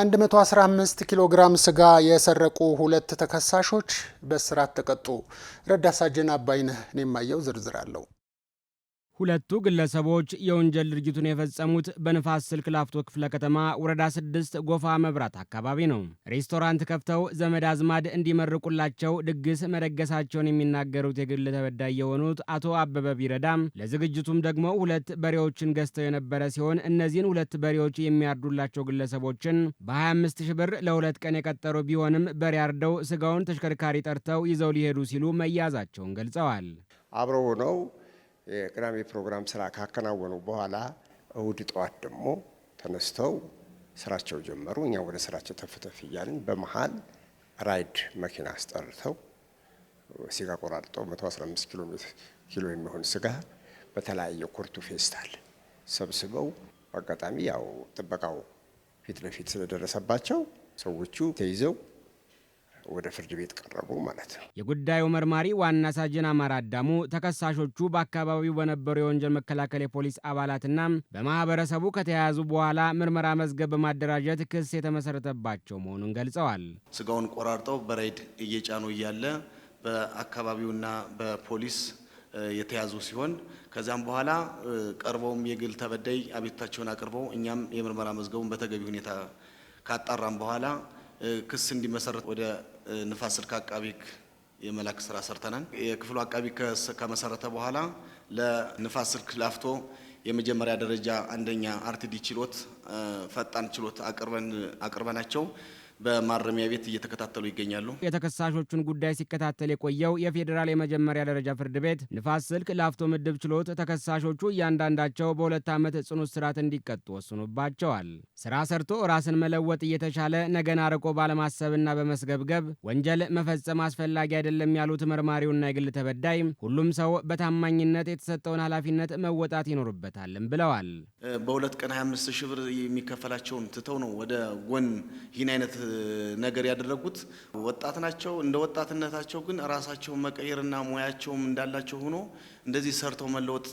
115 ኪሎ ግራም ስጋ የሰረቁ ሁለት ተከሳሾች በእስራት ተቀጡ። ረዳት አባይነህ እኔ የማየው ዝርዝር አለው። ሁለቱ ግለሰቦች የወንጀል ድርጊቱን የፈጸሙት በንፋስ ስልክ ላፍቶ ክፍለ ከተማ ወረዳ ስድስት ጎፋ መብራት አካባቢ ነው። ሬስቶራንት ከፍተው ዘመድ አዝማድ እንዲመርቁላቸው ድግስ መደገሳቸውን የሚናገሩት የግል ተበዳይ የሆኑት አቶ አበበ ቢረዳም ለዝግጅቱም ደግሞ ሁለት በሬዎችን ገዝተው የነበረ ሲሆን እነዚህን ሁለት በሬዎች የሚያርዱላቸው ግለሰቦችን በ25 ሺህ ብር ለሁለት ቀን የቀጠሩ ቢሆንም በሬ አርደው ስጋውን ተሽከርካሪ ጠርተው ይዘው ሊሄዱ ሲሉ መያዛቸውን ገልጸዋል። አብረው ነው የቅዳሜ ፕሮግራም ስራ ካከናወኑ በኋላ እሁድ ጠዋት ደግሞ ተነስተው ስራቸው ጀመሩ። እኛ ወደ ስራቸው ተፍተፍ እያልን በመሀል ራይድ መኪና አስጠርተው ስጋ ቆራርጠው 115 ኪሎ ኪሎ የሚሆን ስጋ በተለያየ ኩርቱ ፌስታል ሰብስበው በአጋጣሚ ያው ጥበቃው ፊት ለፊት ስለደረሰባቸው ሰዎቹ ተይዘው ወደ ፍርድ ቤት ቀረቡ ማለት ነው። የጉዳዩ መርማሪ ዋና ሳጅን አማራ አዳሙ ተከሳሾቹ በአካባቢው በነበሩ የወንጀል መከላከል የፖሊስ አባላትና በማህበረሰቡ ከተያያዙ በኋላ ምርመራ መዝገብ በማደራጀት ክስ የተመሰረተባቸው መሆኑን ገልጸዋል። ስጋውን ቆራርጠው በራይድ እየጫኑ እያለ በአካባቢውና በፖሊስ የተያዙ ሲሆን ከዚያም በኋላ ቀርበውም የግል ተበዳይ አቤቱታቸውን አቅርበው እኛም የምርመራ መዝገቡን በተገቢ ሁኔታ ካጣራም በኋላ ክስ እንዲመሰረት ወደ ንፋስ ስልክ አቃቢ ህግ የመላክ ስራ ሰርተናል። የክፍሉ አቃቢ ከመሰረተ በኋላ ለንፋስ ስልክ ላፍቶ የመጀመሪያ ደረጃ አንደኛ አርትዲ ችሎት ፈጣን ችሎት አቅርበናቸው በማረሚያ ቤት እየተከታተሉ ይገኛሉ። የተከሳሾቹን ጉዳይ ሲከታተል የቆየው የፌዴራል የመጀመሪያ ደረጃ ፍርድ ቤት ንፋስ ስልክ ላፍቶ ምድብ ችሎት ተከሳሾቹ እያንዳንዳቸው በሁለት ዓመት ጽኑ እስራት እንዲቀጡ ወስኖባቸዋል። ስራ ሰርቶ ራስን መለወጥ እየተቻለ ነገን አርቆ ባለማሰብና በመስገብገብ ወንጀል መፈጸም አስፈላጊ አይደለም ያሉት መርማሪውና የግል ተበዳይ ሁሉም ሰው በታማኝነት የተሰጠውን ኃላፊነት መወጣት ይኖርበታልም ብለዋል። በሁለት ቀን 25 ሺህ ብር የሚከፈላቸውን ትተው ነው ወደ ጎን ይህን አይነት ነገር ያደረጉት ወጣት ናቸው። እንደ ወጣትነታቸው ግን ራሳቸውን መቀየርና ሙያቸውም እንዳላቸው ሆኖ እንደዚህ ሰርተው መለወጥ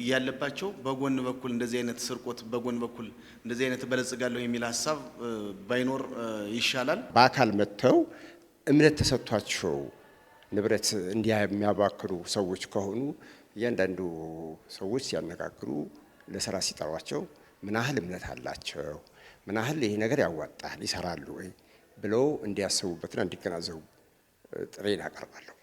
እያለባቸው በጎን በኩል እንደዚህ አይነት ስርቆት፣ በጎን በኩል እንደዚህ አይነት በለጽጋለሁ የሚል ሀሳብ ባይኖር ይሻላል። በአካል መጥተው እምነት ተሰጥቷቸው ንብረት እንዲህ ሰዎች ከሆኑ እያንዳንዱ ሰዎች ሲያነጋግሩ ለስራ ሲጠሯቸው ምን ያህል እምነት አላቸው ምን ያህል ይሄ ነገር ያዋጣል፣ ይሰራሉ ወይ ብለው እንዲያስቡበትና እንዲገናዘቡ ጥሬን አቀርባለሁ።